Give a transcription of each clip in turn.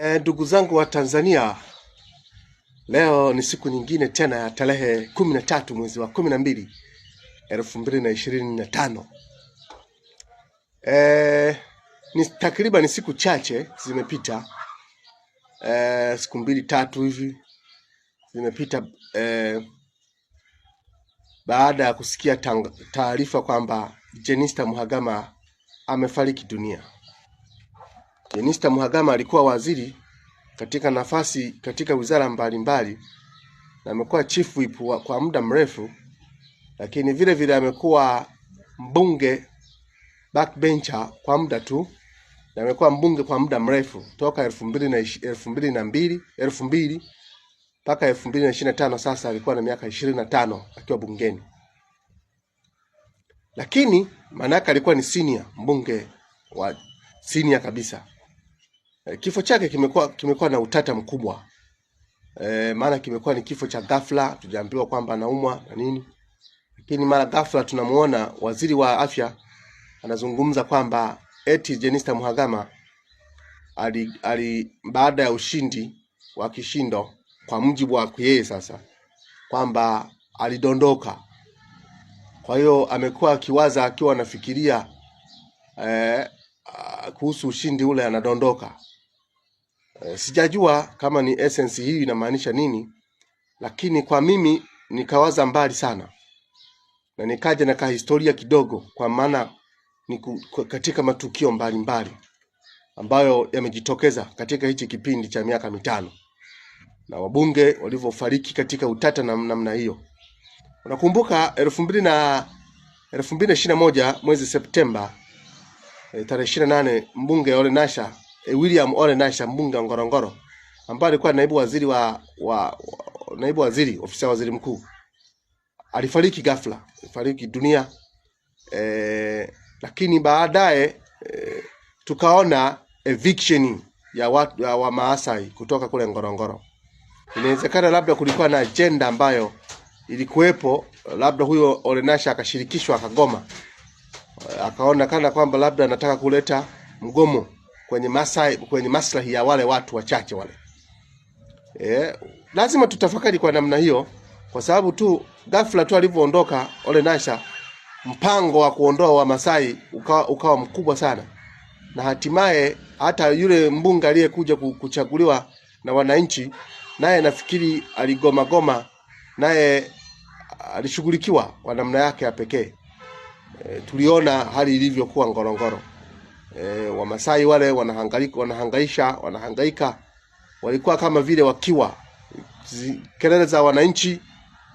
E, ndugu zangu wa Tanzania, leo ni siku nyingine tena ya tarehe kumi na tatu mwezi wa kumi na mbili elfu mbili na ishirini na tano. E, ni takriban siku chache zimepita, e, siku mbili tatu hivi zimepita e, baada ya kusikia taarifa kwamba Jenista Mhagama amefariki dunia. Jenista Mhagama alikuwa waziri katika nafasi katika wizara mbalimbali na amekuwa chief whip kwa muda mrefu, lakini vile vile amekuwa mbunge backbencher kwa muda tu na amekuwa mbunge kwa muda mrefu toka elfu mbili na elfu mbili na mbili elfu mbili mpaka elfu mbili na ishirini na tano Sasa alikuwa na miaka ishirini na tano akiwa bungeni, lakini maana yake alikuwa ni senior mbunge wa senior kabisa. Eh, kifo chake kimekuwa kimekuwa na utata mkubwa e, maana kimekuwa ni kifo cha ghafla, tujaambiwa kwamba anaumwa na nini, lakini mara ghafla tunamuona waziri wa afya anazungumza kwamba eti Jenista Mhagama ali, ali baada ya ushindi wa kishindo, kwa mujibu wa yeye sasa, kwamba alidondoka. Kwa hiyo amekuwa akiwaza akiwa anafikiria eh, kuhusu ushindi ule, anadondoka. E, sijajua kama ni essence hii inamaanisha nini, lakini kwa mimi nikawaza mbali sana na nikaja na historia kidogo, kwa maana ni katika matukio mbalimbali mbali ambayo yamejitokeza katika hichi kipindi cha miaka mitano na wabunge walivyofariki katika utata na namna hiyo. Unakumbuka elfu mbili na elfu mbili na ishirini na moja mwezi Septemba eh, tarehe ishirini na nane mbunge Ole Nasha Eh, William Ole Nasha Mbunga Ngorongoro ambaye alikuwa naibu waziri wa, wa, wa naibu waziri ofisi ya waziri mkuu alifariki ghafla, alifariki dunia e, lakini baadaye e, tukaona eviction ya, wa, ya wa Maasai kutoka kule Ngorongoro. Inawezekana labda kulikuwa na agenda ambayo ilikuwepo, labda huyo Olenasha akashirikishwa akagoma, akaona kana kwamba labda anataka kuleta mgomo kwenye masa, kwenye maslahi ya wale watu wachache wale. E, lazima tutafakari kwa namna hiyo, kwa sababu tu ghafla tu alivyoondoka Ole Nasha, mpango wa kuondoa Wamasai ukawa, ukawa mkubwa sana, na hatimaye hata yule mbunge aliyekuja kuchaguliwa na wananchi naye nafikiri aligomagoma, naye alishughulikiwa kwa namna yake ya pekee. E, tuliona hali ilivyokuwa Ngorongoro e, eh, Wamasai wale wanahangaika, wanahangaisha wanahangaika, walikuwa kama vile wakiwa kelele za wananchi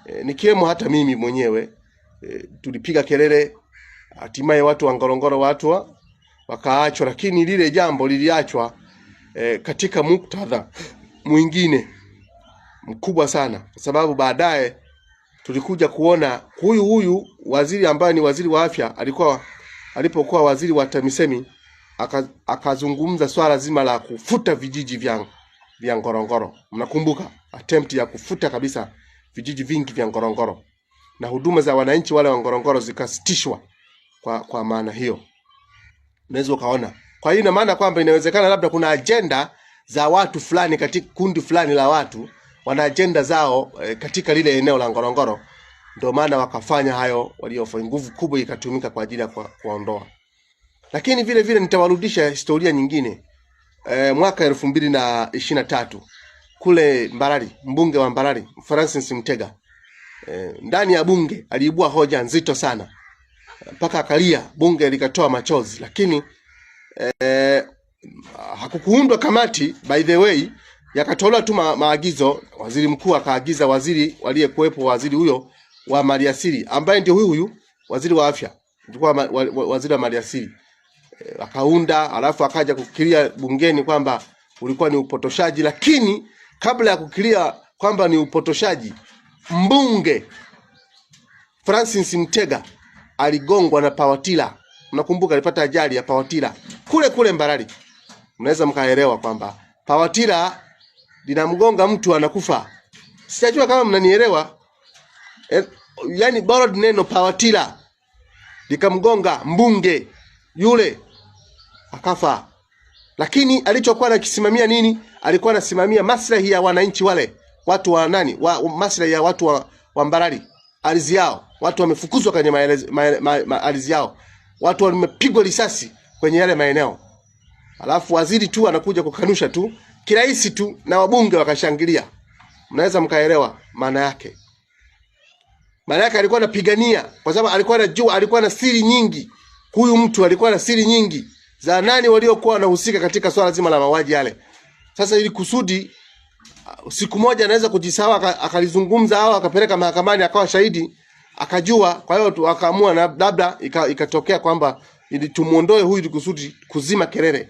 e, eh, nikiwemo hata mimi mwenyewe e, tulipiga kelele, hatimaye watu wa Ngorongoro watu wakaachwa, lakini lile jambo liliachwa e, katika muktadha mwingine mkubwa sana, kwa sababu baadaye tulikuja kuona huyu huyu waziri ambaye ni waziri wa afya alikuwa alipokuwa waziri wa TAMISEMI akazungumza swala zima la kufuta vijiji vya vya Ngorongoro. Mnakumbuka attempt ya kufuta kabisa vijiji vingi vya Ngorongoro na huduma za wananchi wale wa Ngorongoro zikasitishwa kwa, kwa maana hiyo unaweza ukaona. Kwa hiyo ina maana kwamba inawezekana labda kuna ajenda za watu fulani katika kundi fulani la watu wana ajenda zao e, katika lile eneo la Ngorongoro, ndio maana wakafanya hayo waliofanya. Nguvu kubwa ikatumika kwa ajili ya kuwaondoa lakini vile vile nitawarudisha historia nyingine e, mwaka elfu mbili na ishirini na tatu kule Mbarali, mbunge wa Mbarali Francis Mtega e, ndani ya bunge aliibua hoja nzito sana mpaka akalia, bunge likatoa machozi, lakini e, hakukuundwa kamati. By the way, yakatolewa tu ma, maagizo. Waziri mkuu akaagiza waziri waliyekuwepo, waziri huyo wa maliasili ambaye ndio huyu huyu waziri wa afya, wa, wa, waziri wa maliasili Eh, akaunda alafu akaja kukilia bungeni kwamba ulikuwa ni upotoshaji, lakini kabla ya kukilia kwamba ni upotoshaji, mbunge Francis Mtega aligongwa na pawatila. Unakumbuka alipata ajali ya pawatila kule kule Mbarali. Unaweza mkaelewa kwamba pawatila linamgonga mtu anakufa. Sijajua kama mnanielewa e, yani borrowed neno pawatila likamgonga mbunge yule akafa, lakini alichokuwa anakisimamia nini? Alikuwa anasimamia maslahi ya wananchi wale, watu wa nani, wa maslahi ya watu wa, wa Mbarali, ardhi yao, watu wamefukuzwa kwenye ardhi yao, watu wamepigwa risasi kwenye yale maeneo, alafu waziri tu anakuja kukanusha tu kirahisi tu, na wabunge wakashangilia. Mnaweza mkaelewa maana yake. Maana yake alikuwa anapigania, kwa sababu alikuwa anajua, alikuwa na siri nyingi. Huyu mtu alikuwa na siri nyingi za nani waliokuwa wanahusika katika swala zima la mauaji yale. Sasa ili kusudi uh, siku moja anaweza kujisawa akalizungumza au akapeleka mahakamani akawa shahidi akajua. Kwa hiyo akaamua na labda ikatokea kwamba ili tumuondoe huyu kusudi kuzima kelele,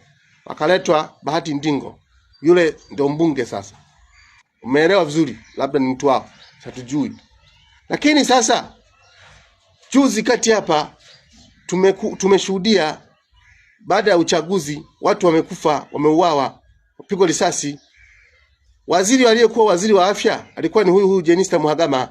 akaletwa Bahati Ndingo, yule ndio mbunge sasa. Umeelewa vizuri, labda ni mtu wao, hatujui. Lakini sasa juzi kati hapa tumeku, tumeshuhudia baada ya uchaguzi watu wamekufa, wameuawa, wapigwa risasi. Waziri aliyekuwa waziri wa afya alikuwa ni huyu huyu Jenista Mhagama.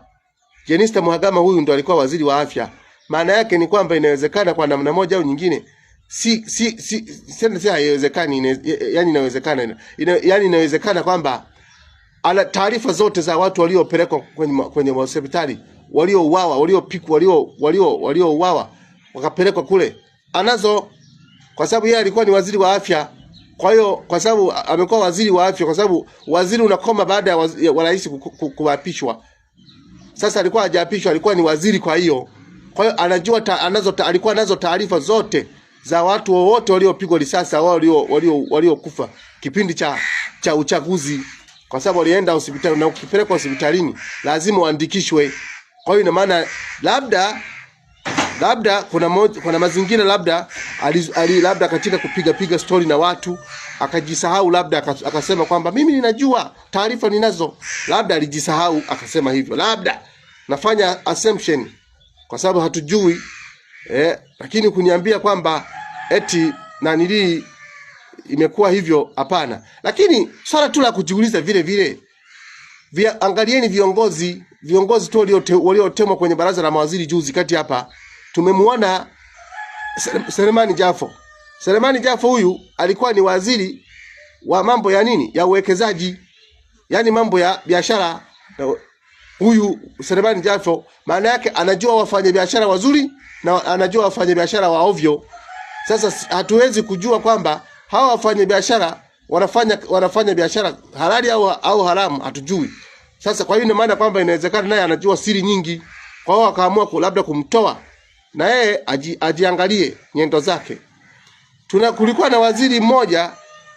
Jenista Mhagama huyu ndo alikuwa waziri wa afya. Maana yake ni kwamba inawezekana kwa namna moja au nyingine, si si si sasa si, haiwezekani ina, yani inawezekana ina, ina, yani inawezekana kwamba ana taarifa zote za watu waliopelekwa kwenye kwenye hospitali, waliouawa, waliopikwa, walio walio waliouawa wakapelekwa kule. Anazo kwa sababu yeye alikuwa ni waziri wa afya. Kwa hiyo kwa sababu amekuwa waziri wa afya, kwa sababu waziri unakoma baada ya rais kuapishwa. Sasa alikuwa hajaapishwa, alikuwa ni waziri. Kwa hiyo kwa hiyo anajua ta, anazo ta, alikuwa nazo taarifa zote za watu wote waliopigwa risasi au walio walio waliokufa kipindi cha cha uchaguzi, kwa sababu walienda hospitali, na ukipelekwa hospitalini lazima uandikishwe. Kwa hiyo ina maana labda labda kuna moja, kuna mazingira labda ali, ali, labda katika kupiga piga story na watu akajisahau, labda akasema kwamba mimi ninajua taarifa ninazo, labda alijisahau akasema hivyo, labda nafanya assumption kwa sababu hatujui eh, lakini kuniambia kwamba eti na nili imekuwa hivyo, hapana. Lakini swala tu la kujiuliza vile vile vya, angalieni viongozi viongozi tu waliotemwa kwenye baraza la mawaziri juzi kati hapa tumemwona Selemani Jafo. Selemani Jafo huyu alikuwa ni waziri wa mambo ya nini, ya uwekezaji, yaani mambo ya biashara. Huyu Selemani Jafo maana yake anajua wafanya biashara wazuri na anajua wafanya biashara wa ovyo. Sasa hatuwezi kujua kwamba hawa wafanya biashara wanafanya wanafanya biashara halali au, au haramu, hatujui. Sasa kwa hiyo ina maana kwamba inawezekana naye anajua siri nyingi, kwa hiyo akaamua labda kumtoa na yeye aji, ajiangalie nyendo zake. Tuna, kulikuwa na waziri mmoja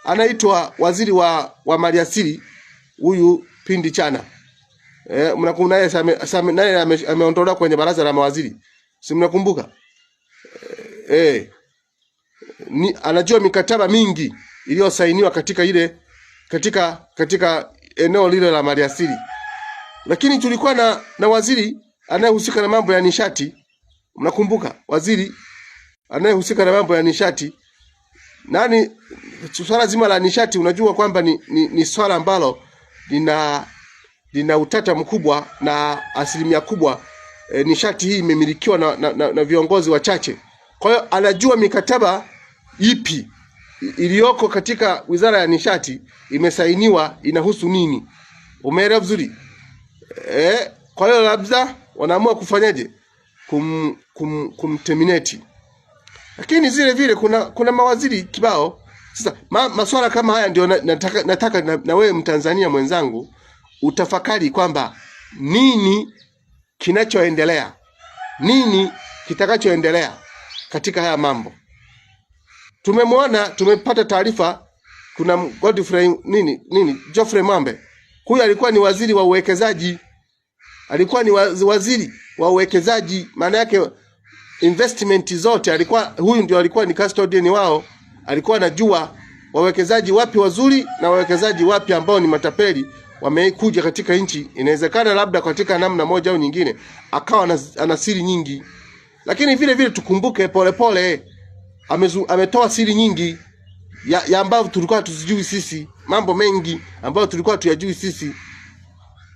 anaitwa waziri wa, wa maliasili huyu Pindi Chana eh, mnakumbuka naye naye ameondolewa ame kwenye baraza la mawaziri, si mnakumbuka eh, ni, anajua mikataba mingi iliyosainiwa katika ile katika katika eneo lile la maliasili, lakini tulikuwa na, na waziri anayehusika na mambo ya nishati Mnakumbuka waziri anayehusika na mambo ya nishati nani? Swala zima la nishati, unajua kwamba ni, ni, ni swala ambalo lina lina utata mkubwa na asilimia kubwa e, nishati hii imemilikiwa na, na, na, na viongozi wachache. Kwa hiyo anajua mikataba ipi iliyoko katika wizara ya nishati imesainiwa inahusu nini. Umeelewa vizuri eh? Kwa hiyo labda wanaamua kufanyaje kum, kum, terminate. Lakini zile vile kuna, kuna mawaziri kibao. Sasa ma, masuala kama haya ndio nataka, nataka na, na wewe Mtanzania mwenzangu utafakari kwamba nini kinachoendelea, nini kitakachoendelea katika haya mambo. Tumemwona, tumepata taarifa, kuna Godfrey nini nini Geoffrey Mwambe, huyu alikuwa ni waziri wa uwekezaji alikuwa ni waziri wa uwekezaji, maana yake investment zote alikuwa huyu ndio alikuwa ni custodian wao, alikuwa anajua wawekezaji wapi wazuri na wawekezaji wapi ambao ni matapeli wamekuja katika nchi. Inawezekana labda katika namna moja au nyingine akawa ana siri nyingi, lakini vile vile tukumbuke Polepole pole, ametoa siri nyingi ya, ya ambayo tulikuwa tuzijui sisi, mambo mengi ambayo tulikuwa tuyajui sisi.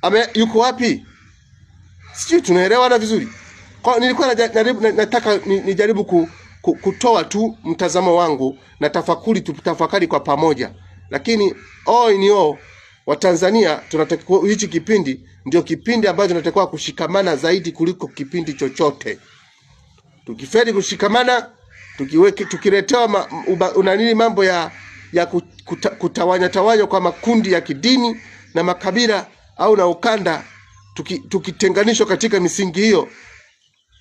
Ame, yuko wapi? Sijui tunaelewana vizuri. Kwa nilikuwa nataka nijaribu ku, ku, kutoa tu mtazamo wangu na tafakuri, tutafakari kwa pamoja, lakini all Watanzania tunatakiwa, hichi kipindi ndio kipindi ambacho tunatakiwa kushikamana zaidi kuliko kipindi chochote. Tukifeli kushikamana, tukiweke, tukiletewa ma, unanini mambo ya ya kuta, kutawanya tawanya kwa makundi ya kidini na makabila au na ukanda tuki, tukitenganishwa katika misingi hiyo,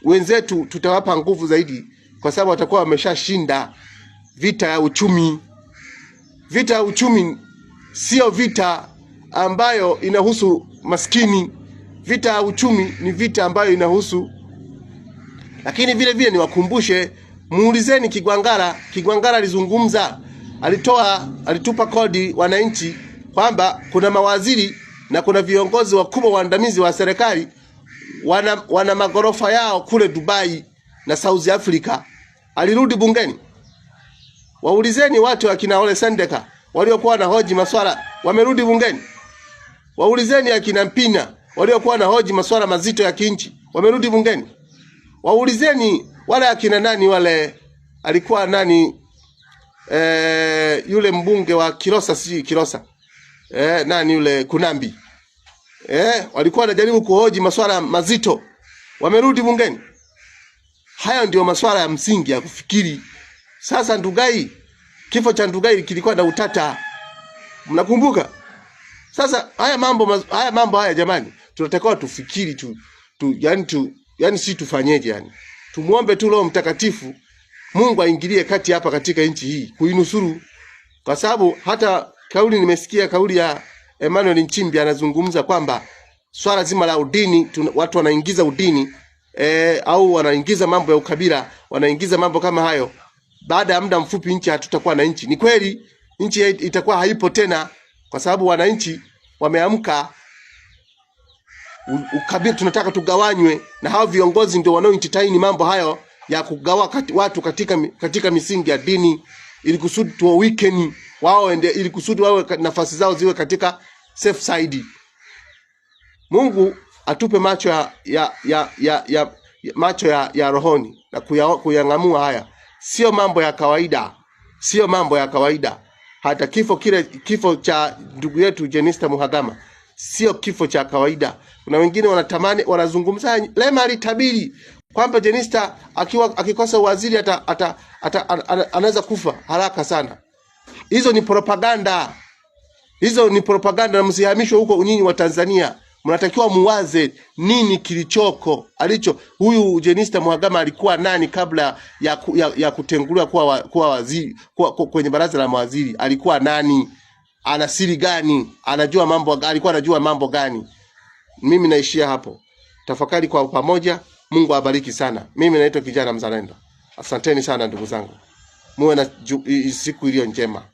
wenzetu tutawapa nguvu zaidi, kwa sababu watakuwa wameshashinda vita ya uchumi. Vita ya uchumi siyo vita ambayo inahusu maskini. Vita ya uchumi ni vita ambayo inahusu, lakini vile vile niwakumbushe, muulizeni Kigwangala. Kigwangala alizungumza, alitoa, alitupa kodi wananchi kwamba kuna mawaziri na kuna viongozi wakubwa waandamizi wa serikali wana, wana magorofa yao kule Dubai na South Africa. Alirudi bungeni, waulizeni watu akina Ole Sendeka waliokuwa na hoji maswala wamerudi bungeni. Waulizeni akina Mpina waliokuwa na hoji maswala mazito ya kinchi wamerudi bungeni. Waulizeni wale akina nani wale alikuwa nani, e, yule mbunge wa Kilosa, si Kilosa eh, nani yule Kunambi eh, walikuwa wanajaribu kuhoji masuala mazito, wamerudi bungeni. Hayo ndio masuala ya msingi ya kufikiri. Sasa Ndugai, kifo cha Ndugai kilikuwa na utata, mnakumbuka? Sasa haya mambo haya mambo haya jamani, tunatakiwa tufikiri tu, tu, yani tu yani si tufanyeje yani. Tumuombe tu Roho Mtakatifu Mungu aingilie kati hapa katika nchi hii kuinusuru, kwa sababu hata kauli nimesikia kauli ya Emmanuel Nchimbi anazungumza kwamba swala zima la udini tuna, watu wanaingiza udini e, au wanaingiza mambo ya ukabila, wanaingiza mambo kama hayo. Baada ya muda mfupi nchi hatutakuwa na nchi. Ni kweli nchi itakuwa haipo tena, kwa sababu wananchi wameamka. Ukabila tunataka tugawanywe, na hao viongozi ndio wanaoentertain mambo hayo ya kugawa kati, watu katika, katika misingi ya dini ili kusudi tuwa weekend wao ende, ili kusudi wawe nafasi zao ziwe katika safe side. Mungu atupe macho ya, ya, ya, ya, ya macho ya, ya rohoni na kuyang'amua haya. Sio mambo ya kawaida, sio mambo ya kawaida. Hata kifo kile, kifo cha ndugu yetu Jenista Muhagama sio kifo cha kawaida. Kuna wengine wanatamani, wanazungumza, Lema alitabiri kwamba Jenista akiwa akikosa uwaziri ata, ata, ata, ata, anaweza kufa haraka sana. Hizo ni propaganda, hizo ni propaganda, na msihamishwe huko. Nyinyi wa Tanzania mnatakiwa muwaze nini kilichoko alicho huyu Jenista Mhagama alikuwa nani kabla ya, ku, ya, ya kutenguliwa kuwa, wa, kuwa waziri kuwa, kwenye baraza la mawaziri alikuwa nani? Ana siri gani? Anajua mambo, alikuwa anajua mambo gani? Mimi naishia hapo. Tafakari kwa pamoja. Mungu awabariki sana. Mimi naitwa kijana mzalendo. Asanteni sana ndugu zangu, muwe na siku iliyo njema.